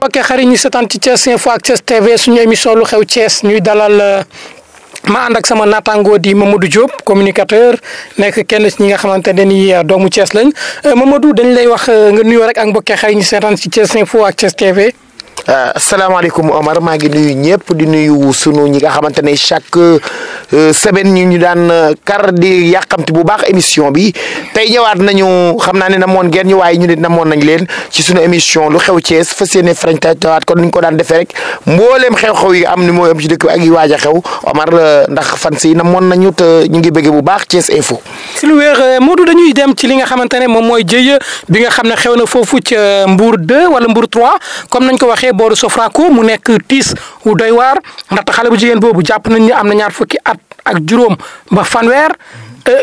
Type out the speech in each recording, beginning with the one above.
ok xarit ñi seetaan ci Thiès Info ak Thiès TV suñu émission lu xew Thiès ñuy dalal ma ànd ak sama naataangoo di Mamadou Diop communicateur nekk kenn ci ñi nga xamante ne ni euh, doomu Thiès lañ euh, mamadu dañ lay wax euh, nga nuyoo rek ak mbokk xarit ñi seetaan ci Thiès Info ak Thiès TV. Euh, asalaamaaleykum Omar maa ngi nuyu ñëpp di nuyu sunu ñi nga xamante ne chaque euh, semaine ñu ñu daan euh, kar di yàqamti bu baax émission bi tey ñëwaat nañu xam naa ne moon ngeen ñu waaye ñu ne namoon nañ leen ci sunu émission lu xew Thiès fas yéene Farañ tawaat kon ni ñu ko daan defee rek mbooleem xew yi am ni mooy am ci dëkk bi ak yi a xew Omar ndax fan si namoon nañu ñu ngi bëgg bu baax Thiès info. si lu wér Modou dañuy dem ci li nga xamante ne moom mooy jëye bi nga xam ne xew na foofu ca Mbour 2 wala Mbour 3 comme nañ ko waxee jugee booru Sofraco mu nekk tiis wu doy waar ndaxte xale bu jigéen boobu jàpp nañ ni am na ñaar fukki at ak juróom ba fanweer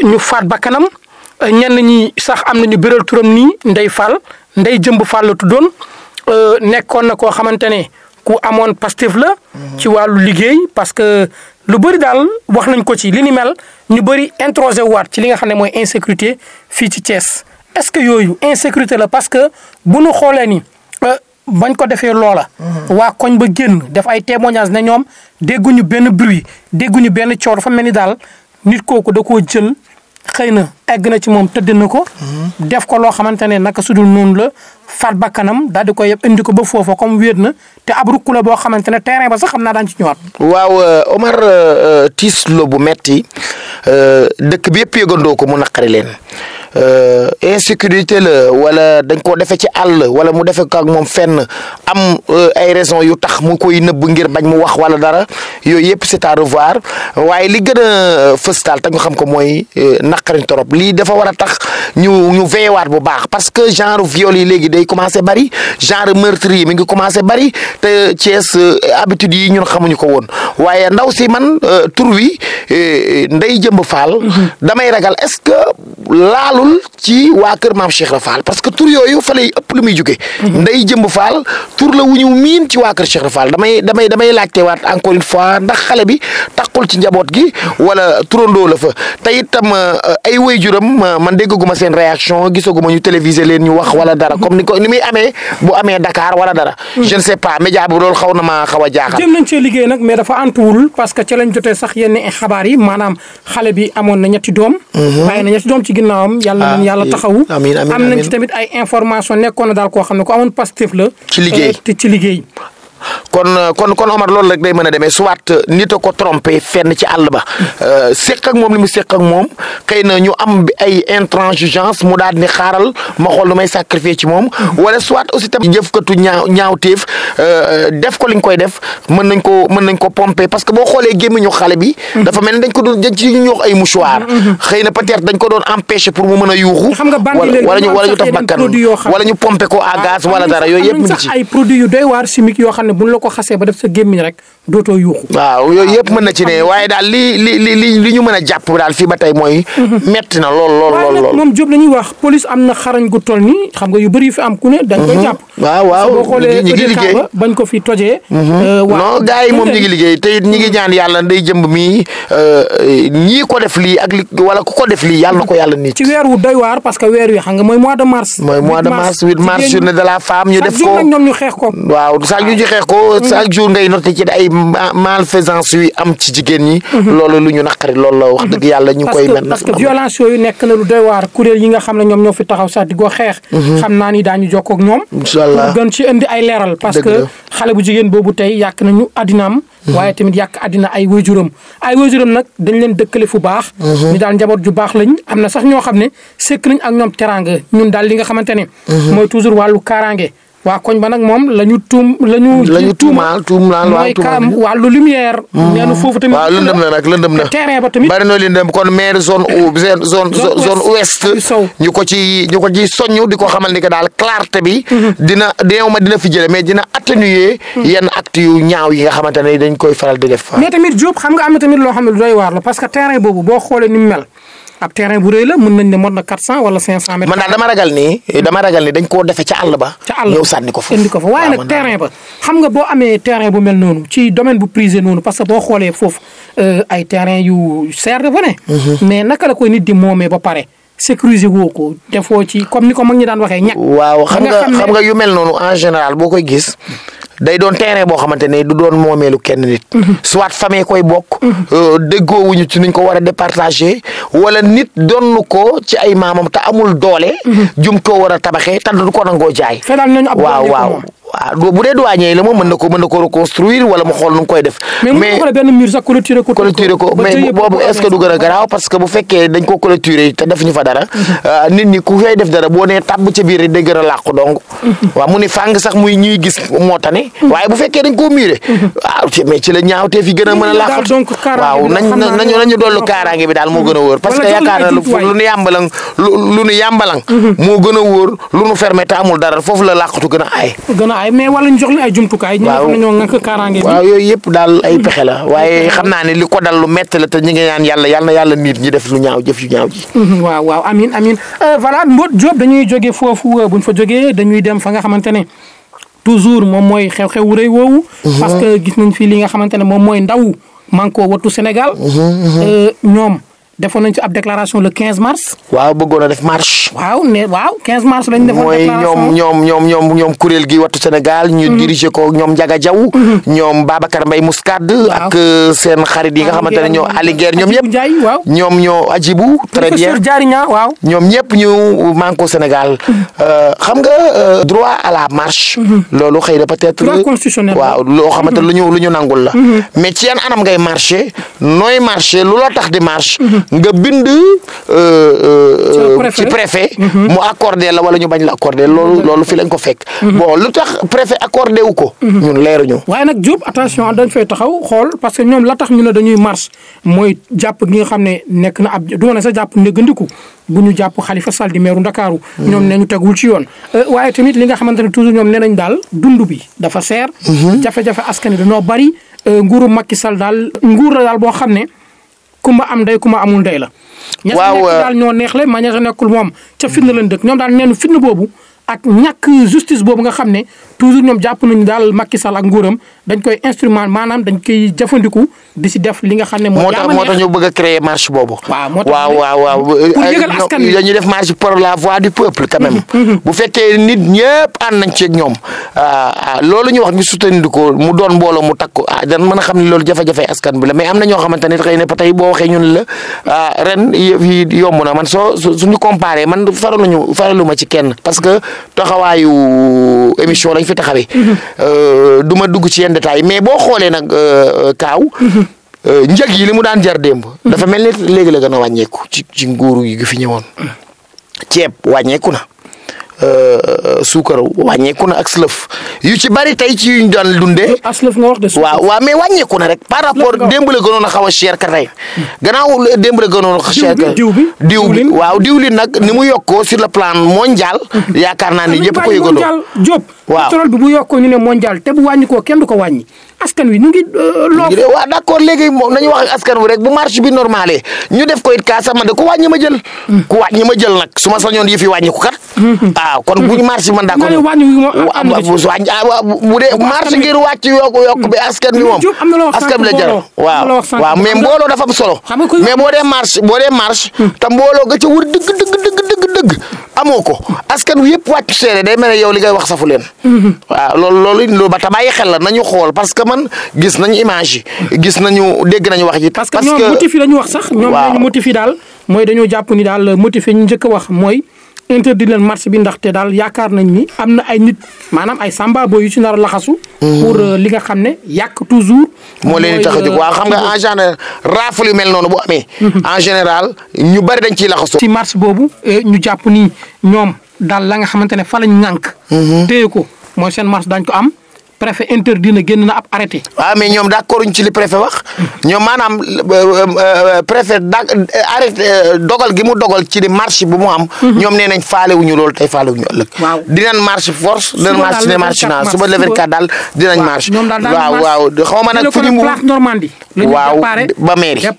ñu faat bakkanam ñenn ñi sax am nañu biral turam nii Ndey Fall Ndey Jëmb Fall la tuddoon nekkoon na koo xamante ne ku amoon Pastef la. ci wàllu liggéey parce que lu bëri daal wax nañ ko ci li ni mel ñu bëri introsé waat ci li nga xam ne mooy insécurité fii ci Thiès est-ce que yooyu insécurité la parce que bu nu xoolee ni euh, bañ ko defee loola. waa koñ ba génn def ay témoignages ne ñoom dégguñu benn bruit dégguñu benn coow dafa mel ni daal nit kooku da koo jël xëy na egg na ci moom tëdd na ko. def ko loo xamante ne naka sudul noonu la faat bakkanam daal di koy yëpp indi ko ba foofa comme wéet na te ab rukk la boo xamante ne terrain ba sax xam naa daan ci ñëwaat. waaw euh, Omar euh, euh, tiis lo bu metti dëkk bi yëpp yëgandoo ko mu naqari leen. Euh, insécurité la wala dañ ko defe ci àll wala mu defe ko ak moom fenn am euh, ay raison yu tax mu koy nëbb ngir bañ mu wax wala dara yooyu yëpp c'est à revoir waaye li gën a euh, fëstal te xam ko mooy euh, naqariñ torop lii dafa war a tax ñu ñu waat bu baax parce que genre viol yi léegi day commencé bari genre meurtre yi mi ngi commencé bari te Thiès euh, habitude yi ñun xamuñu ko woon waaye ndaw si man tur wi Ndeye Jëmb Fall mhm. damay ragal est-ce que laalul ci waa kër maam Cheikh Ibra parce que tur yooyu fa lay ëpp lu muy jóge mhm. Ndeye Jëmb Fall tur la wu ñu miin ci waa kër Cheikh Ibra damay damay ndax xale bi taqul ci njaboot gi wala turandoo la fa te itam eh, ay waajuram man déggaguma seen réaction gisaguma ñu télévisé leen ñu wax wala dara comme ni ko ni muy amee bu amee Dakar wala dara. Hmm. je ne sais pas média bi xaw na liggéey nag mais dafa antuwul parce que ca lañ jotee sax yenn xabaar yi maanaam xale bi amoon na ñetti doom. Hmm. bàyyi na ñetti doom ci ginnaawam. yàlla na ah, yàlla taxawu am nañ ci tamit ay information nekkoon na daal ko xam ne ko amoon Pastef la. ci liggéey. Eh, kon euh, kon kon Omar loolu rek day mën a demee soit euh, nit a ko trompé fenn ci àll ba euh, seq ak moom li mu seq moom xëy na ñu am ay intransigeance mu daal ni xaaral ma xool nu may sacrifier ci moom wala soit aussi tamit jëfkatu ñaaw ñaawteef def ko liñ koy def mën nañ ko mën nañ ko pomper parce que boo xoolee gémmiñu xale bi dafa mel ni dañ ko doon dañ ci ñu wax ay mouchoir xëy na peut-être dañ ko doon empêcher pour mu mën a yuuxu wala ñu taf bakkan wala ñu pomper ko à gaz ko xasse ba def sa gémmiñ rek doto yuxu waaw yoy ah, yep meuna ci ne waye dal li li li li li ñu mën a jàpp daal fii ba tey mooy mhm. metti na lol lol lol lol mom job lañuy wax police amna xarañ gu toll ni xam nga yu bari fi am ku ne dañ ko mhm. japp waaw waaw bo xoolee ñi ngi liggéey bañ ko fi toje tojee mhm. euh, non gaay mom ñi ngi liggéey te ñi ngi ñaan yalla ndey jëmb mi euh ñi ko def li ak wala ku ko def li yalla ko yalla nit ci wéru doy war parce que wéru wi xam nga moy mois de mars moy mois de mars 8 mars journée de la femme ñu def ko ñoom ñu xeex ko waaw sax ñu xex ko chaque jour ngay noté ci ay malfaisance yu am ci jigéen ñi. Mhm. loolu lu ñu naqari loolu la wax dëgg yàlla ñu koy. mel parce que violence yooyu nekk na lu doy waar kuréel yi nga xam ne xeex. Mhm. xam naa ni daañu jokkoo ak ñoom. incha allah gën ci indi ay leeral. parce que xale bu jigéen boobu tey yàq nañu addinaam. Mhm. waaye tamit yàq àddina ay waajuram ay waajuram nag dañ leen dëkkale fu baax ñu daal njaboot ju baax lañ am na sax ñoo xam ne sëkk nañ ak ñoom teraanga ñun daal li nga xamante ne mooy toujours wàllu kaaraange waa koñ ba nag moom la ñu tuum la ñu. la ñu tuumaal tuumaal waaw tuumaal mooy wàllu lumière. Hmm. nee na foofu tamit. waaw lëndëm na nag lëndëm na terrain ba tamit. bari na lëndëm kon maire zone ouest. ñu ko ci ñu di ko xamal ni que daal clarté bi. Hmm. dina deew ma dina fi mais dina atténuer. Hmm. yenn actes ñaaw yi nga xamante ne dañ koy faral di def. mais tamit Diop xam nga am tamit loo xam ne doy waar la parce que terrain boobu boo xoolee ni mel. ab terrain bu rëy la mën nañ ne mot na quatre cent wala cinq cent mètres. man daal dama ragal ni dama ragal ni dañ koo defee ca àll ba. ca àll ñëw sànni ko fa indi ko waaye nag terrain ba. xam nga boo amee terrain bu mel noonu ci domaine bu prisé noonu parce que boo xoolee foofu euh, ay terrain yu seer dafa ne. mais naka la koy nit di moomee ba pare. sécuriser woo ko defoo ci comme ni ko mag ñi daan waxee ñàkk. waaw xam nga xam nga yu mel noonu en général boo koy gis. day doon terrain boo xamante ne du doon moomeelu kenn nit. Mhm. soit famille koy bokk. Mhm. Euh, déggoowuñu ci nuñ ko war a départager wala nit donn ko ci ay maamam te amul doole. Mhm. jum ko war a tabaxee te du ko nangoo jaay. waaw waaw. waaw bu dee douanier la moom mën na ko mën na ko reconstruire wala mu xool nu mu koy def. mais mu xool benn mur sax clôturer ko. clôturer ko mais boobu est ce que du gën a garaaw parce que bu fekkee dañ ko clôturer te defuñu fa dara. Mhm. Euh, nit ñi ku fay def dara boo nee tàbb ca biir rek day gën a làqu donc. Mhm. waaw mu ni fàng sax muy ñuy gis moo tane. Mhm. waaye bu fekkee dañ koo miire. waaw mais ci la ñaawtee fi gën a mën a làqu. waaw nañ nañu dollu kaaraange bi daal moo gën a wóor. parce que yaakaar na lu nu yàmbalang lu nu yàmbalang. moo gën a wóor lu nu fermé te amul dara foofu la làqatu gën a ay jumtukaay mais wala ñu jox ay jumtukaay. waaw ñoo xam bi. waaw yooyu yëpp daal ay pexe la waaye xam naa ne li ko dal lu métti la te ñu ngi ñaan yàlla yàlla na yàlla nit ñi def lu ñaaw jëf yu ñaaw ji. Mm-hmm, waaw waaw amiin amiin euh, voilà Mbodj Diop dañuy jógee foofu euh, bu ñu fa jógee dañuy dem fa nga xamante toujours moom mooy xew-xew wu rëy woowu. Mm-hmm. parce que gis nañ fi li nga xamante ne moom mooy ndaw man koo wattu Sénégal mm-hmm, euh, ñoom defon nañ ci ab déclaration le 15 mars waaw bëggoon a def marche waaw ne waaw 15 mars lañ defoon mooy ñoom ñoom ñoom ñoom ñoom kuréel gi wattu sénégal ñu mhm. diriger ko ñoom njaga jaw mhm. ñoom babacar mbay muscad ak euh, seen xarit yi nga xamante ne ñoo aliguer ñoom yëpp ñoom ñoo ajibu très bien waaw ñoom ñëpp ñu manko sénégal mhm. euh, xam nga euh, droit à la marche loolu xëy na peut être waaw loo xamante lu ñu lu ñu nangul la mais ci yan anam ngay marché nooy marché lu la tax di marche nga bind. Euh, euh, ci préfet mhm. mu accordé la wala ñu bañ la accordé loolu loolu fi lañ ko fekk. Mhm. bon lu tax préfet accordé wu ko. Mhm. ñun leeruñu. waaye nag Diop attention dañ fay taxaw xool parce que ñoom la tax ñu ne dañuy marche mooy jàpp gi nga xam ne nekk na ab du ma ne sa jàpp ndéggandiku bu ñu jàpp Khalifa Sall di meeru Ndakaaru. ñoom ne ñu tegul ci yoon. Euh, waaye tamit li nga xamante ne toujours ñoom nee nañ daal dund bi dafa seer. jafe-jafe askan wi dañoo bari nguuru makki Sall daal nguur la boo xam ne ku ma am ndey ku ma amul ndey la. waaw ña euh, daal ñoo neexle ma ña nekkul moom ca fitna leen dëkk ñoom daal neen fitna boobu ak ñàkk justice boobu nga xam ne toujours ñoom jàpp nañu daal Macky Sall ak nguuram dañ koy instrument manam dañ koy jëfëndiku di si def li nga xam ne moo tax tax ñu bëgg créer marche bobu waaw waaw waaw euh, euh, askan dañuy def marche pour la voix du peuple quand même mhm, mhm. bu fekkee nit ñëpp ànd nañ ci ak ah, ah loolu ñu wax ñu soutenir mu doon mbolo mu takku ah, dañ dan mën a xam ne loolu jafe-jafe askan bi la mais amna ño ñoo xamante ne xëy na ñun la ah, ren yi yomb na man so suñu comparé man faraluñu faraluma ci kenn parce que taxawayu émission lañ fi mhm. euh duma dugg ci yenn détail mais boo xoolee nag euh, euh, kaaw. Mhm. Euh, njëg yi li daan jar démb. Mhm. dafa mel ni la gën a ci ci nguuru yi gi fi ñëwoon. ceeb wàññeeku na. sukar wàññeeku na ak slëf yu ci bari tey ci yuñ daan dundee. aslëf ah, nga wax de. mais na rek. par rapport démb la gënoon a a cher ka tey. Mhm. gannaaw démb la gënoon cher ka diw bi nag ni mu yokkoo sur le plan mondial. yaakaar naa ni waaw pétrole bi bu yokkoo ñu ne mondial te bu wàññi koo kenn du ko wàññi askan wi ñu ngi. Euh, loo waaw d' moom nañu wax askan wi rek bu marché bi normalé ñu def ko it kaasa man de ku ma jël. Hmm. wàññi ma jël nag su ma sañoon yëf yi wàññi ko kat. waaw hmm. ah, kon hmm. marché man d' accord. nga wàññi wu ah, bu dee marché ngir wàcc yokku yokku bi askan wi moom. askan bi la jar waaw waaw mais mbooloo dafa solo. mais boo dee marché boo dee marché. te mbooloo ga ca wër dëgg dëgg dëgg dëgg amoo ko askan wi yëpp wàcc seere day mel ne yow li ngay wax safu leen waaw loolu loolu lu ba ta bàyyi xel la nañu xool parce que man gis nañu image gis nañu dégg nañu wax ji. parce que ñoom motif yi lañu wax sax. waaw ñoom lañu motif yi daal mooy dañoo jàpp nii daal motif yi ñu njëkk a wax mooy. interdit leen bi ndaxte daal yaakaar nañ ni am na ay nit maanaam ay samba boo yu ci nar laxasu. Hmm. pour euh, li nga xam ne yàq toujours. moo leen tax a jóg euh, waaw xam nga en général raafal yu mel noonu boo amee. Hmm. en général ñu bari dañ ci laxasu. ci marché boobu euh, ñu jàpp ni ñoom. daal la nga xamante ne fa lañ ŋànk. Mhm. téye ko mooy seen marche daañu ko am. préfet interdit na génn na ab arrêté. waaw ah, mais ñoom d'accord ñu ci li préfet wax ñoom maanaam euh, euh, euh, préfet da arrêté dogal gi mu dogal ci di marche bu mu am. Mhm. ñoom ne nañ faale wu ñu loolu tey faale wu ñu ëllëg. waaw dinañ marche force. dinañ marche dinañ marche naa suba le 24 daal dinañ marche. waaw waaw xaw ma nag fu ñu. place Normandie. waaw ba mairie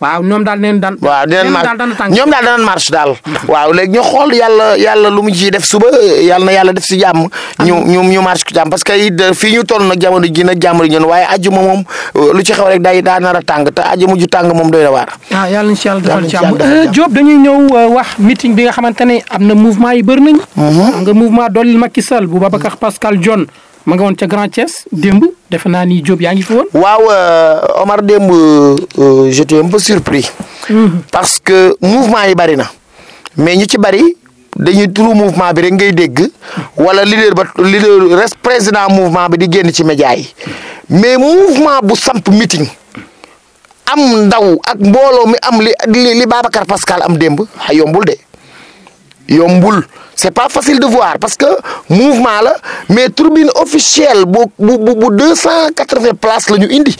waaw ñoom daal neen daan. waaw dinañ marche ñoom daal danañ marche daal. waaw léegi ñu xool yàlla lu mu ciy def suba yàlla na yàlla def si jàmm. ñu ñu ñu marche ku jàmm parce que it euh, fii ñu toll jamono ji jàmm ñun waaye àjjuma moom euh, lu ci xew rek day daa nar a tàng te àjjuma moom doy na waar. ah yàlla incha euh, ñëw wax meeting bi nga xamante ne am na mouvement yi bëri nañu. Mhm. xam nga mouvement doolil Macky Sall bu Babacar Pascal John. ma nga woon ca Grand Thiès démb defe naa ni Diop yaa ngi fi woon. waaw euh, Omar démb euh, j'étais un peu surpris. Mhm. parce que mouvement yi bari na mais ñu ci bari dañuy turu mouvement bi rek ngay dégg wala leader ba leader res président mouvement bi di génn ci média yi mais mouvement bu samp meeting am ndaw ak mbooloo mi am li li Babacar Pascal am démb yombul de yombul. c'est pas facile de voir parce que mouvement là mais turbine officielle bu bu bu 280 places lañu indi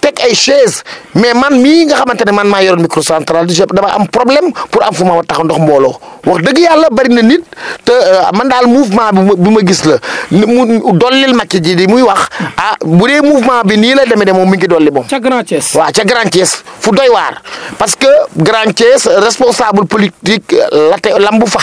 tek ay chaise mais man mi nga xamantene man ma yoron micro central dama am problème pour am fuma tax ndox mbolo wax deug yalla bari na nit te euh, man dal mouvement bi ma gis la dolil makki ji di muy wax ah bu dé mouvement bi ni la démé dé mom mi ngi doli bon ca grand thiès wa ca grand thiès fu doy war parce que grand thiès responsable politique euh, la lambu fa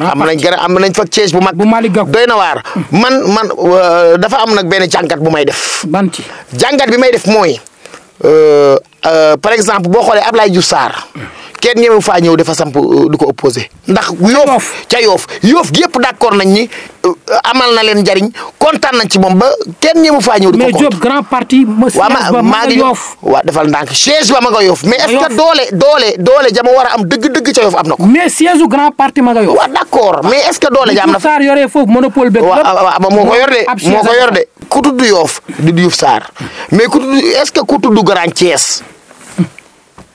am nañ gën a am nañ fa ceeb bu mag. bu Malick Gakou doy na waar. man man euh, dafa am nag benn jàngat bu may def. ban ci jàngat bi may def mooy euh, euh, par exemple boo xoolee Ablaye Diouf saar kenn ñemewu faa ñëw dafa samp euh, du ko opposé ndax yoof ca yoof yoof gi yëpp d'accord nañ ni euh, amal na leen njariñ kontaan nañ ci moom ba kenn ñemewu faa ñëw di ko mais Diop parti waaw maa ngi waaw defal ndànk siège ba ma nga yoof mais est doole doole doole jama war a am dëgg-dëgg ca yoof am na ko mais siège grand parti ma nga yoof waaw d'accord mais est doole ja na Sarr yoree foofu monopole bëgg waaw moo ko yor de moo ko yor de ku tudd yoof di mais ku tudd est-ce que ku tudd grand Thiès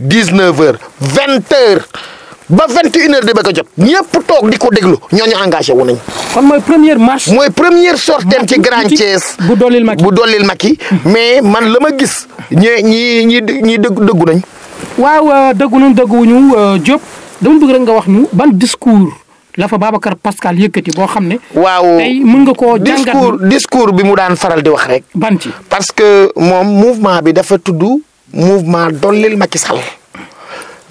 19 heures 20 heures ba 21 heures di bëgg jot ñëpp toog di ko déglu ñooñu engagé wu nañ. kon mooy première marche. mooy première sortem ci Grand Thiès. bu dollil Macky bu dollil Macky mais man la ma gis ñee ñii ñii ñii dëgg dëggu nañ. waaw euh, dëggu nañ dëgguwuñu euh, Diop dama bëgg rek nga wax ñu ban discours. la fa Babacar Pascal yëkkati boo xam ne. waaw tey mën nga koo jàngat discours bi mu daan faral di wax rek. ban ci parce que moom mouvement bi dafa tudd. mouvement dollil Macky Sall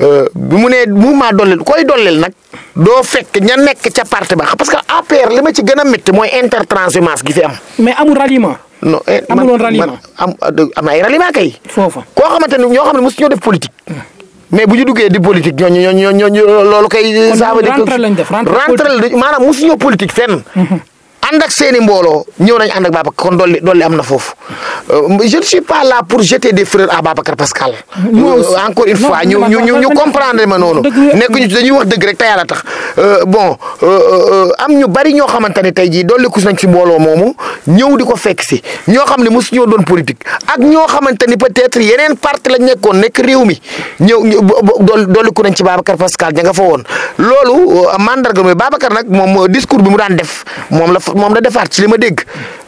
euh, bi mu nee mouvement dollil koy dollil nag doo fekk ña nekk ca parti ba parce que APR li ma ci gën a métti mooy intertranshumance gi fi mais amul ralliement. non eh, amuloon ralliement am ah, am na ay ralliement kay. foofa koo xamante ne ñoo xam ne mosu ñoo def politique. mais bu ñu duggee di politique ñooñu ñooñu ñooñu loolu kay. ça veut dire rentré lañ def rentré rentré maanaam mosu ñoo politique fenn. Mhm. ànd ak mbolo i nañ andak ak kon doli doli amna fofu euh, je ne suis pas là pour jeter des fleurs à Babacar Pascal. Euh, encore une fois ñu ñu ñu comprendre ma noonu. nekk ñu dañuy wax deug rek tayala tax euh, bon am ñu bari ñoo xamantani tay ji doli dolli kus nañ ci mbolo momu ñëw diko ko fekk si ñoo xamni ne mosu ñoo doon politique ak ñoo xamantani peut-être yenen parti lañ nekkoon nek rewmi mi doli ku nañ ci Babacar Pascal nga fa woon. loolu euh, mandarga mi Babacar nag moom euh, discours bi mu daan def moom la moom la defaat ci li ma dégg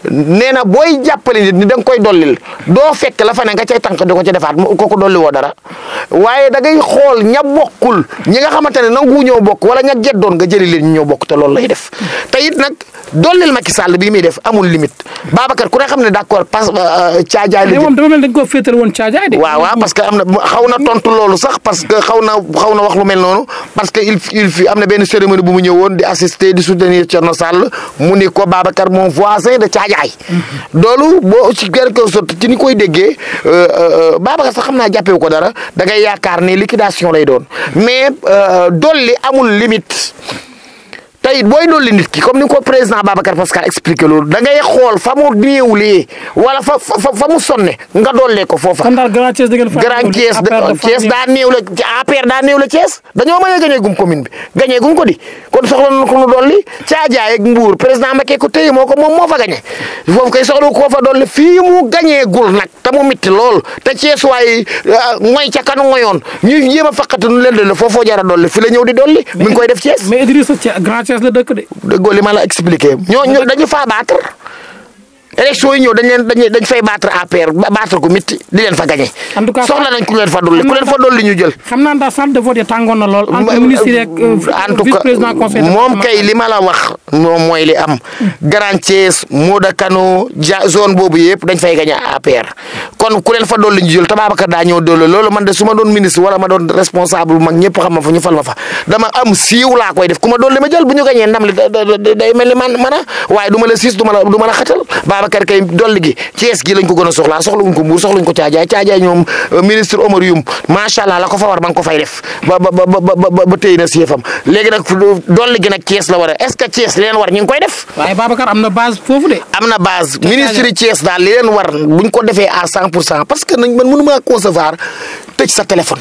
nee na booy jàppale nit ni da nga koy dollil doo fekk la fa ne nga cay tànk di ko ci defaat mu kooku dolli woo dara waaye da ngay xool ña bokkul ñi nga xamante ne nangu ñoo bokk wala ña geddoon nga jëli leen ñu ñoo bokk te loolu lay def. te it nag dollil Macky Sall bii muy def amul limite Babacar ku ne xam ne d'accord parce euh, que caajaay. li moom dafa mel dañ koo féetal woon caajaay de. waaw waaw parce que am na xaw na tontu loolu sax parce que xaw na xaw na wax lu mel noonu parce que il il fi am na benn cérémonie bu mu ñëwoon di assister di soutenir Thierno Sall mu ni ko Babacar mon voisin de caajaay jaay. loolu boo ci quelque sorte ci ni koy déggee euh, euh, Babacar sax xam naa jàppewu ko dara da ngay yaakaar ne liquidation lay doon mais euh, dolli amul limite. te it booy dolli nit comme ni ko président Babacar Pascal expliqué loolu da ngay xool fa mu néewlee wala fa fa fa mu sonne nga dollee ko foofa. kon daal grand Thiès da ngeen fa grand Thiès daa néew la APR daa néew la Thiès dañoo mën a gagné bi gagné gum ko di kon soxla na ko nu dolli caajaay mbuur président Macky ko téye moo ko moom moo fa gagné foofu kay soxla ko fa dolli fii mu gagné gul nag te mu mitti lool te Thiès waay euh, mooy ca kanu ngoyoon ñu jéem a faqatu nu leen dolli foofoo jar a koy def la dëkk de. déggoo li ma la expliqué ñooñu dañu faa baatar élection yi ñëw dañ leen dañ dañ fay battre ko mitti di leen fa gagné. en tout cas ku leen fa dolli ku ñu jël. Euh, moom kay li a la wax moom mooy li am. Grand Thiès Modou Kano ja zone boobu yëpp dañ fay gagné APR kon ku leen fa dolli ñu jël te Babacar daa ñëw dolli loolu man de su ma doon ministre wala ma doon responsable bu mag ñëpp xam ma fa ñu fal ma fa dama am siiw koy def ku ma dolli ma jël bu ñu gagné ndam li day mel ni man man a waaye du Babacar kay dolli gi Thiès gi lañ ko gën a soxlaa soxlawuñ ko Mbour soxlawuñ ko caajaay caajaay ñoom euh, ministre Omar Youm macha allah la ko war ba nga ko fay def ba ba ba ba ba téy na séefam nag dolli gi nag Thiès la war a est ce que Thiès li leen war ñu ngi koy def. waaye Babacar am na base foofu de. am na base ministre yi daal leen war buñ ko defee à 100 pour cent parce que man mënu maa concevoir sa téléphone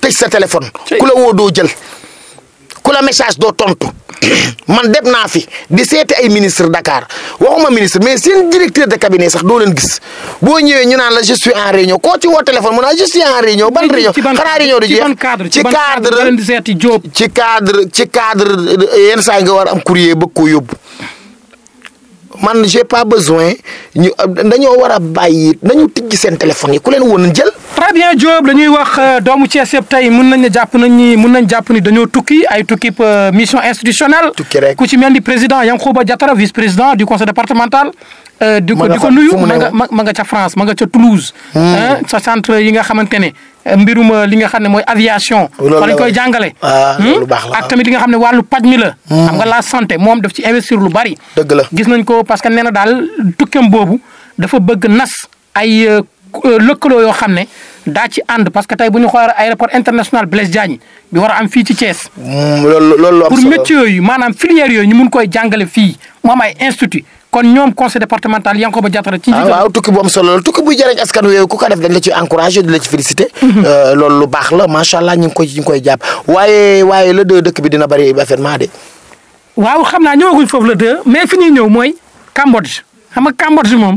tëj sa téléphone. ku la woo doo jël ku doo tontu. man dem naa fi di seeti ay ministre Dakar waxuma ministre mais seen directeur de cabinet sax doo leen gis boo ñëwee ñu naan la je suis en réunion koo ci woo téléphone mu naan je suis en réunion. ban réunion xanaa réunion du jeex ci cadre ci cadre ci cadre yenn saa yi nga war am courrier bëgg koo yóbbu. je j'ai pas besoin ñu dañu wara téléphone yi ku jël. très bien Job. lañuy wax euh, doomu ci sep tay mën nañ japp nañ ni mën nañ japp ni euh, mission institutionnelle. ku ci vice président du conseil départemental. Euh, di ko di ko nuyu ma nga ma nga ca France ma nga ca Toulouse. Hmm. sa centre yi nga xamante ne euh, mbirum euh, li nga xam ne mooy aviation. fa lañ koy jàngale. Ah, lu hmm? baax la ak tamit li nga xam ne wàllu paj mi la. Hmm. xam nga laa sante moom daf ci investir lu bari. dëgg la gis nañ ko parce que nee na daal tukkeem boobu dafa bëgg nas ay lëkkaloo yoo xam ne daa ci ànd parce que tey bu ñu xoolee aéroport international Blaise Diagne bi war am fii ci Thiès. loolu loolu am pour métier yooyu maanaam filière yooyu ñu mun koy jàngale fii mu am ay kon ñoom conseil départemental Yankoba Diattara ci ah waaw tukki bu am solo la tukki buy jëriñ askan wi ku ko def dañ la ciy félicité. Mhm. Euh, loolu lu baax la macha allah ñu ngi koy ñu koy jàpp waaye waaye le deux dëkk bi dina bëri affairement de. waaw xam naa ñëwaguñ foofu la deux mais fi ñuy ñëw mooy Cambodge xam nga Cambodge moom.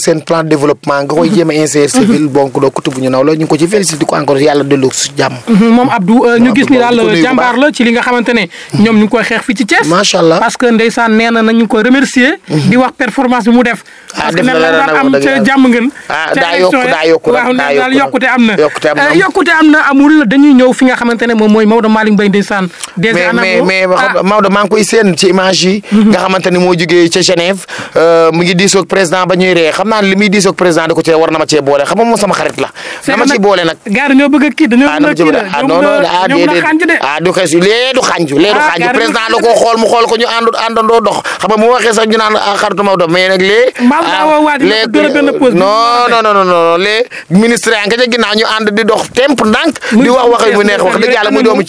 seen plan développement nga koy mhm. jéem a insérer civil mhm. donc doo ko ñu naw ñu ngi ko ci félicité ko encouragé su jàmm mhm. euh, la ci li nga xamante ñoom ñu koy xeex fii ci Thiès parce que ndeysaan nee na nañu ko remercier di wax performance mu def ah, parce que ne la yokkute am na yokkute am na eh, amul dañuy ñëw fi nga xamante ne moom mooy Maodo Malick Mbaye ndeysaan mais mais ah. Maodo maa koy seen ci image nga xamante ne moo jógee ca euh, mu ngi diisoog président naa limi di sok président de ko ci war na ma ci bolé xam mo sama xarit la. dama ci bolé nak nag. ñoo dañoo bëgg a kii dañoo mën ah, a ah, non la ah, ñoom de ah du xéssu lé du xanju lé du xanju président la ko xol mu xol ko ñu andu andando dox xam mo waxé sax ñu naan xaritu do mais nak lé lee non non non non lé ministre yaa ngi ca ginnaaw ñu and di dox temp ndànk di wax waxay mu neex wax dëgg yàlla muy doomu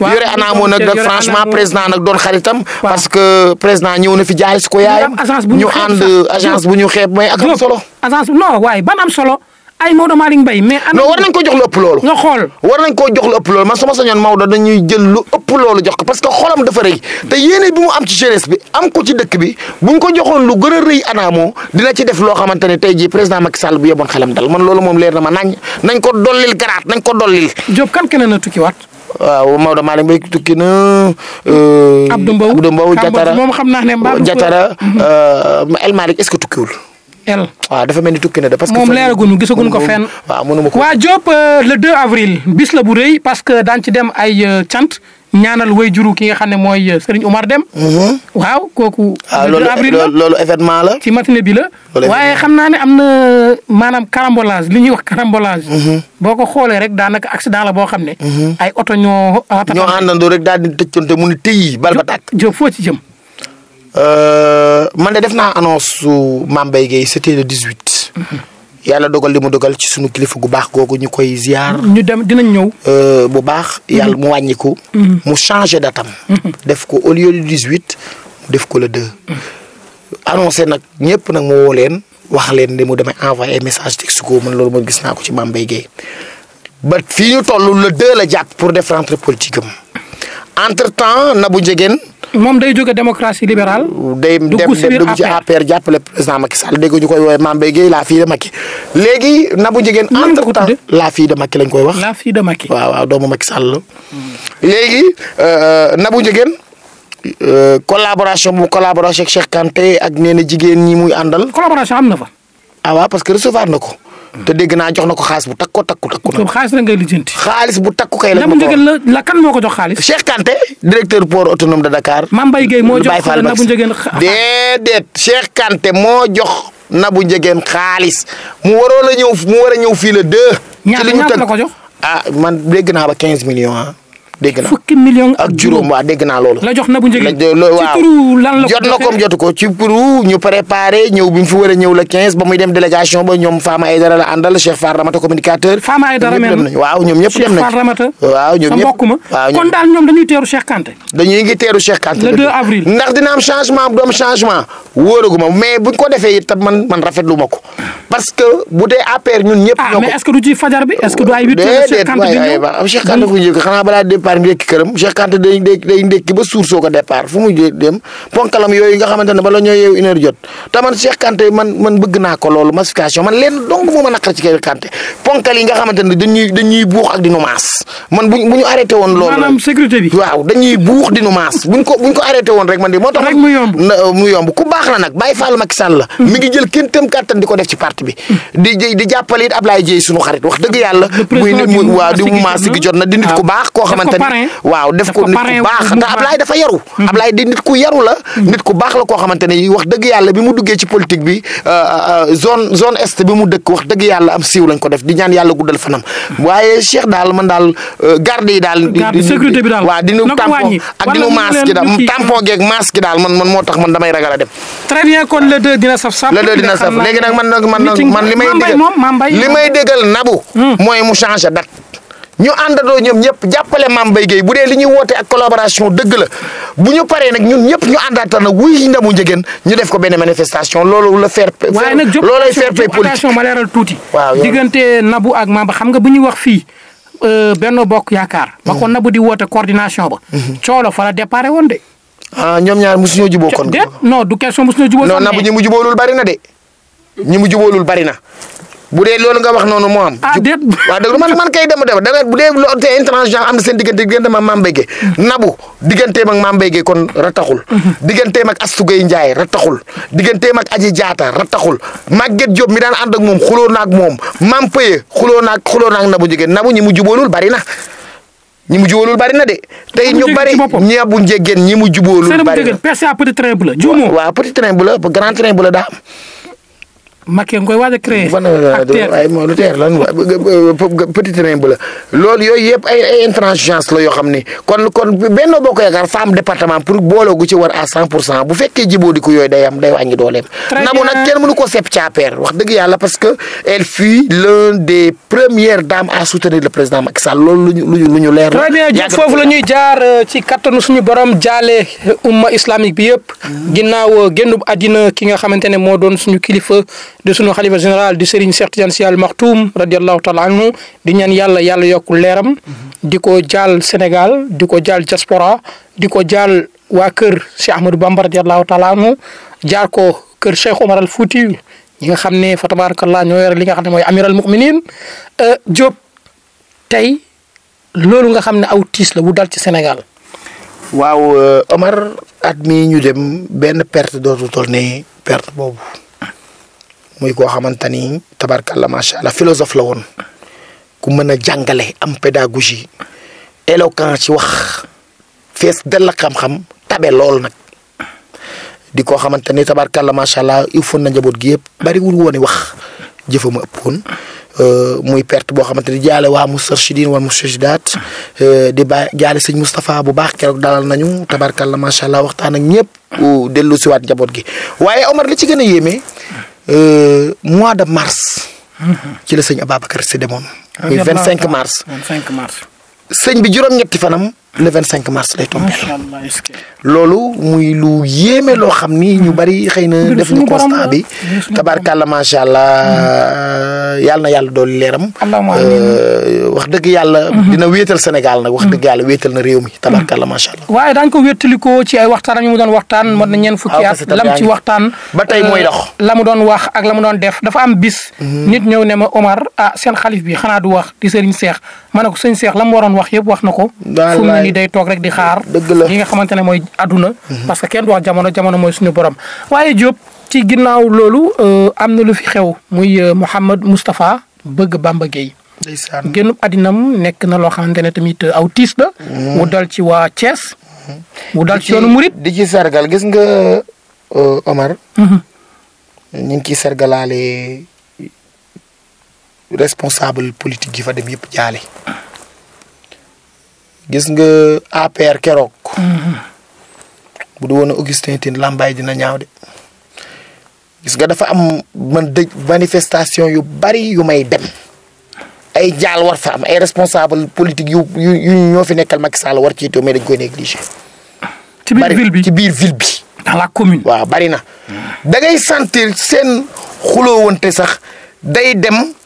yoré ana mo nak nag franchement président nak doon xaritam parce que président ñëw na fi jaay su ko yaay ñu and agence bu ñu xeeb mais ak solo agence non way ban am solo ay modo maling bay mais non war nañ ko jox lu ëpp loolu nga xool war nañ ko jox lu ëpp loolu man sama sañon mawda dañuy jël lu upp lolu jox ko parce que xolam dafa reuy te yene bi mu am ci jeunesse bi am ko ci dekk bi buñ ko joxoon lu gëna reuy anamo dina ci def lo xamantene tay ji president Macky Sall bu yeboon xalam dal man lolu mom leer na ma nañ nañ ko dolil garaat nañ ko dolil Diop kan kenena tukki wat waaw mawda Malick bay tukki na euh Abdou mbaw Abdou mbaw Jatara mom xamna ne mbaw Jatara euh El malik est-ce que tukki wul L. waaw ah, dafa mel ni tukki na da parce que. moom leeraguñu gisaguñu ko fenn. waaw mënuma ko waa Diop euh, le 2 avril bis la bu rëy parce que daan ci dem ay euh, cant. ñaanal way juru ki xam ne mooy euh, Serigne Omar Dem. Mhm. waaw kooku. Ah, loolu loolu la ci matinée bi la. waaye xam naa ne am na maanaam carambolage li ñuy wax carambolage. Mhm. boo ko xoolee rek daanaka accident la boo xam ne. Mhm. ay oto ñoo. ñoo àndandoo rek daal di tëjante mu ne tëyi bal ba tàkk. Diop foo ci jëm. Euh, man de def naa annonce su Mame Mbaye Guèye c'était le 18. Mhm. yàlla dogal li mu dogal ci sunu kilifa gu baax googu ñu koy ziar. ñu dem dinañ ñëw. Euh, bu baax. yàlla mhm. mu wàññiku mhm. mu changé datam def ko au lieu du 18 mu def ko le 2. annoncé nag ñëpp nag mu woo leen wax leen ni mu demee envoyé message texte ko man loolu mooy gis naa ko ci Mame Mbaye Guèye ba fii ñu toll le 2 la jàpp pour def rentrée entre temps Nabou jegen mom day joge démocratie libérale day dem dugg ci APR le président Macky Sall déggu ñukoy woy Mambé Gueye la fille de Macky légui Nabou jegen entre temps la fille de Macky lañ koy wax la fille de Macky waaw waaw doomu Macky Sall légui euh Nabou jegen euh collaboration bu collaboration ak Cheikh Kanté ak néna jigen ñi muy andal collaboration amna fa ah wa parce que recevoir nako te dégg naa jox na ko xaalis bu takku takku takku. kon xaalis la ngay lijjanti. xaalis bu takku kay la ma ko la la kan moo ko jox xaalis. Cheikh Kanté directeur port autonome de Dakar. Mame Mbaye Guèye moo jox la Nabou Ndiéguène déedéet Cheikh Kanté moo jox na bu Ndiéguène xaalis mu waroon a ñëw mu war a ñëw fii la deux. ci li ñu tënk la ko jox. ah man dégg naa ba quinze millions ah. dégg naa fukki million ak juróom waa dégg naa loolu. la jox na bu njëg ci turu lan la jot na comme jotu ko ci turu ñu préparé ñëw bi mu fi war a ñëw la 15 ba muy dem délégation ba ñoom Fama Aydara la àndal Cheikh Far Ramata communicateur. Fama Aydara même waaw ñoom ñëpp dem nañ Cheikh Far Ramata. waaw ñoom ñëpp mbokk ma waaw kon daal ñoom dañuy teeru Cheikh Kanté. dañuy ngi teeru Cheikh Kanté. le 2 avril ndax dina am changement doom changement wóoraguma mais buñ ko defee it man man rafetlu ma ko parce que bu dee APR ñun ñëpp. Ah, ñoo ko ah mais est-ce que du ci fajar bi est-ce que du ay 8 heures Cheikh Kanté bi ñëw départ ndékki kërëm Cheikh Kanté day day ndékki ba sour soko départ fu mu dem ponkalam yoy nga xamantene ba la ñoy yew une heure jot ta man Cheikh Kanté man man bëgg na ko loolu massification man leen dong mo mëna xal ci Cheikh Kanté ponkal yi nga xamantene dañuy dañuy buux ak di nu mass man buñu arrêté won loolu manam sécurité bi waaw dañuy buux di nu mass buñ ko buñ ko arrêté won rek man di moo tax rek mu yomb euh, mu yomb ku bax la nak Baye Fall Macky Sall la mm-hmm. mi ngi jël kentem tëm diko def ci parti bi di di jappalé it Ablaye Dieye suñu xarit wax deug yalla muy wa di mu maas gi jot na dindit ku bax ko ah, xamantene ne waaw def ko nit ku baax ndax Ablaye dafa yaru mhm. Ablaye di nit ku yaru la mhm. nit ku baax la koo xamante ne wax dëgg yàlla bi mu duggee ci politique bi euh, euh, zone zone est bi mu dëkk wax dëgg yàlla am siiw lañ ko def di ñaan yàlla guddal fanam mhm. waaye Cheikh daal man dal euh, garde yi daal sécurité bi daal waaw dinu tampon ak dinu masque gi tampon geeg masque gi man man moo tax man damay ragal a dem très bien kon le deux dina saf saf le deux dina saf léegi nag man nag man man li may déggal li nabu hmm. mooy mu changer date ñu àndandoo ñom ñep jappalé mam Mbaye gay bu li ñu woté ak collaboration deug la bu ñu paré nak ñun ñep ñu andata na wuy ndamu ñëgen ñu def ko bénn manifestation loolu la faire. waaye lay jub loolay faire play politique ma leeral tuuti. waaw diggante ak Mamba xam nga bu ñu wax euh benno bok yaakaar. ba ko mhm. nabu di woté coordination ba. Mhm. ciolo fa la déparé won dé ah ñom ñaar musu ñu juboo kon. non du question musu ñu juboo. non nabu ñi mu lul bari na de ñi mu lul bari na bu dee nga wax nonu mo am. Ah, wa deug man man kay dem dem da bu dee intransigeant am sen seen diggante ma Mame Mbaye nabu nabu mak ak Mame kon ra kon rataxul. mak astu gay Guèye ra taxul digganteem mak Aji ra taxul magget job mi daan and ak mom xulo nak mom mam Mame Paye nak na ak nabu jigéen nabu ñi mu jubolul bari na. ñi mu jubolul bari na de tay ñu bari ñi abu njëggeen ñi mu jubolul bari na PCA petit train bu la juumoo waaw petit train bu la grand train bu la Macky ngoy waaj a créé. Euh, ak terre waaye mooy lu teer lan petit train bu la loolu yooyu yëpp ay ay intransigeance la yoo xam ni kon kon Benno Bokk Yaakaar fa am département pour booloogu ci war à 100 pour cent bu fekkee jiboodiku yooyu day am day wàññi dooleem. namu nag kenn mënu ko sepp ci APR wax dëgg yàlla parce que elle fut l'une des premières dames à soutenir le président Macky Sall loolu lu ñu lu ñu leer la. très bien foofu la ñuy jaar euh, ci kattanu suñu borom jaale euh, umma islamique bi yëpp. Mm-hmm. ginnaaw génnub àddina ki nga xamante ne moo doon suñu kilifa. di sunu xalifa général di Serigne Cheikh Tidiane Sy Al Maktoum radiallahu taala anhu di ñaan yàlla yàlla yokk leeram mhm. di ko jaal Sénégal di ko jaal diaspora di ko jaal waa kër Cheikh Ahmadou Bamba radiallahu taala anhu jaar ko kër Cheikh Omar Al Fouti nga xam ne fa tabarakallah ñoo yore li nga xam ne mooy amiral muminin euh, Diop tey loolu nga xam ne aw tiis la bu dal ci Sénégal. waaw euh, Omar at ñu dem benn perte dootu toll ne perte boobu. muy koo xamante ni tabarkàlla macha allah philosophe la woon ku mën a jàngale am pédagogie éloquent ci wax fees dell xam-xam tabe lool nag di koo xamante ni tabarkàlla macha allah il faut na njaboot gi yëpp bariwul woon i wax jëfama ëpp euh, muy perte boo xamante ni jaale waa Moustarchidine wala Moustarchidaat euh, di ba jaale sëñ Moustapha bu baax keroog dalal nañu tabarkàlla macha allah waxtaan ak ñëpp dellu siwaat njaboot gi waaye Omar li ci gën a yéeme Euh, mois de mars. Mm-hmm. ci la sëñ Ababacar si demoon. muy 25 mars cinq mars. sëñ bi juróom-ñetti fanam. le 25 mars lay tombé loolu muy lu yéeme loo xam ni ñu bari xëy na def ñu constat bi tabaarkàlla macha allah hmm. yàlla na yàlla dool leeram. Euh, wax dëgg yàlla. Hmm. dina wéetal Sénégal nag wax dëgg yàlla wéetal na réew mi hmm. tabaarkàlla macha allah. waaye daañu ko wéetalikoo ci ay waxtaan yu mu doon waxtaan mën na ñeen fukki ah, at lam ci waxtaan. ba tey mooy euh, dox. la mu doon wax ak la mu doon def dafa am bis. nit ñëw ne ma Omar ah seen xalif bi xanaa du wax di Serigne Cheikh ma ne ko sëñ Cheikh la mu waroon wax yëpp wax nit day toog rek di xaar. dëgg la li nga xamante ne mooy adduna mhm. parce que kenn du wax jamono jamono mooy suñu borom waaye Diop ci ginnaaw loolu euh, am na lu fi xew muy euh, Mouhamed mustafa bëgg Bamba Gueye. ndeysaan génn nekk na loo xamante ne tamit euh, aw tiis la. Mhm. mu dal ci waa Thiès. Mhm. mu dal ci yoonu Murit di ci sargal gis nga Omar. ñu ngi ciy sargalaale responsable politique yi fa dem yëpp jaale. gis nga APR keroog. Mm-hmm. bu do wona Augustin tin lambay dina ñaaw de. gis nga dafa am man de manifestation yu bari yu may dem. ay jaal war fa am ay responsable politique yu yu ñoo fi nekkal Macky Sall war ci to mais dañ koy négliger. ci biir ville bi ci biir ville bi. dans la commune. wa bari na da ngay sentir xulo wonte sax day dem.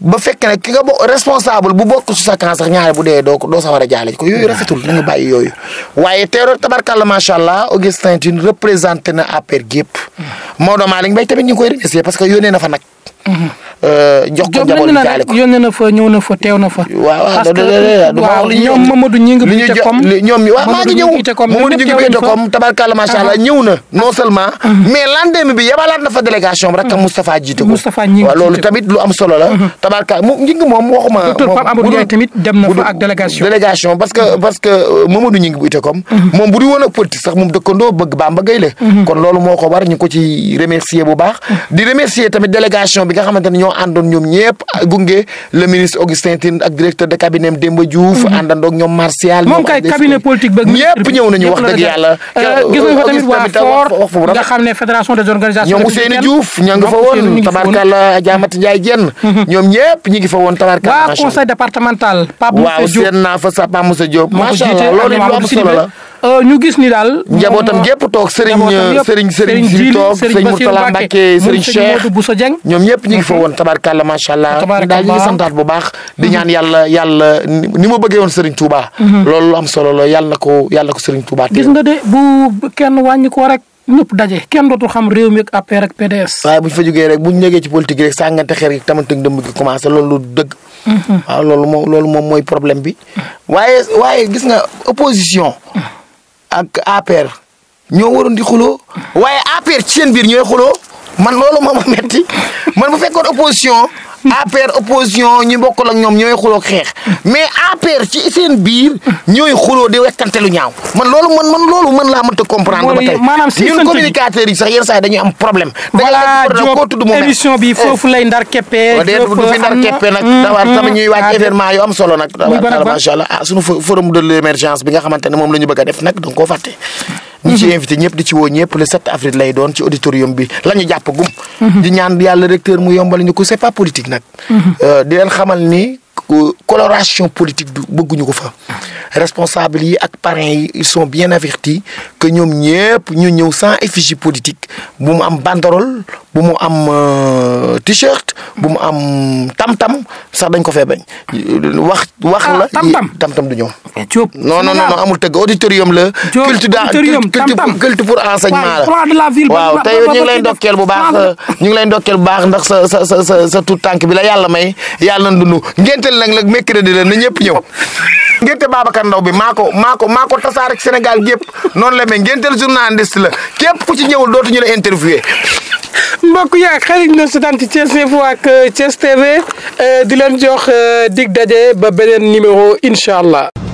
ba fekk ne ki nga bo responsable bu bokk su sa kan sax bu dee doo ko doo sa war a jaale ko yooyu rafetul nañu bàyyi yooyu waaye teeroor tabarkàlla macha allah Augustin Tine représenté na APR gépp mm. Maodo Malick Mbaye tamit ñu ngi koy remercier parce que yónnee na fa nag. Mm-hmm. Euh, jox ko jabol jaale ko yonne na fa ñew na fa tew na fa waaw li ñom mamadou ñing bi te kom ñom mi waaw ma ñew mamadou ñing bi te kom ma sha Allah ñew na non seulement mais landem bi yebalaat na fa délégation rek ak Moustapha jité ko Moustapha ñing waaw lolu tamit lu am solo la tabarkalla ñing mom waxuma docteur Amadou Ndiaye tamit dem na fa ak délégation délégation parce que parce que euh, mamadou ñing bi te kom mom won ak politique sax mom bëgg gay le kon lolu moko war ñu ko ci remercier bu baax di remercier tamit délégation bi nga xamanteni ñoo àndoon ñoom ñëpp gunge le ministre Augustin Tine ak directeur de cabinet am a Diouf. Mhm. àndandoo ak ñoom Martial. moom kay cabinet politique beeg ñëpp ñëw nañu wax dëgg yàlla. Euh, euh, gis nga fa tamit a Fort nga xam ne fédération des organisations. ñoom Ousseynou Diouf ña nga fa woon tabarkalla Diamath Ndiaye Diène. Mhm. ñoom ñëpp ñi ngi fa woon tabarkalla. waa conseil waaw seen naa fa sa Pape Moussa Diop. macha allah loolu solo la Euh, ñu gis ni daal. njabootam gépp toog Serigne euh, Serigne Serigne si toog Serigne Mourtala Mbacke Serigne Cheikh ñoom ñëpp ñu fa woon tabarkàlla macha allah bu baax. di ñaan ni ma bëggee woon Serigne Touba. Mhm. loolu lu am solo la yàlla na ko yàlla na ko Serigne Touba. gis nga de bu kenn wàññi ko rek. ñëpp daje kenn dootu xam réew mi ak APR PDS. waaye bu ñu fa jógee rek bu ñu jógee ci politique rek sàngante xeer yi tamante dëmb loolu dëgg. Mhm. waaw loolu moom mooy problème bi. Mhm. waaye waaye gis nga opposition. ak APR ñoo waroon di xuloo waaye APR ci seen biir ñooy xuloo man loolu ma ma metti man mu fekkoon opposition APR opposition ñu bokkal ak ñoom ñooy xuloo xeex mais APR ci seen biir ñooy xuloo di wekkante lu ñaaw man loolu man man loolu mën laa mënta comprendre ba tey ñun communicateurs yi sax yenn saa yi dañuy am problème voilà Diop émission bi eh. foofu lay ndar keppee du fi ndar keppee nag mm, dawaa mm, tamit ñuy waaj événement yu am solo nag dawaa macha allah ah suñu forum de l'émergence bi nga xamante ne moom la ñu bëgg def nag danga koo fàtte ñi ci invité ñëpp di ci woo ñëpp le 7 avril lay doon ci auditorium bi la jàpp gum mhm. di ñaan yàlla recteur mu yombal ñu ko c'est pas politique nag mhm. euh, di xamal ni coloration politique de beaucoup ko responsables ils sont bien avertis que nous, sommes sans effigie politique Nous banderole nous euh, t-shirt nous mu tam-tam ça dañ ko faire ah, tam-tam eh, non non non non amul auditorium pour enseignement la. digal nag nag mercredi la na ñëpp ñëw ngénte Babacar Ndaw bi maa maako maa ko maa ko tasaare ak Sénégal gépp noonu la mais ngénteel journaliste la képp ku ci ñëwul dootuñu la interviewé mbokk yaak xarit ñu seetaan ci Thiès Info ak Thiès TV euh, di leen jox euh, dig daje ba beneen numéro incha allah.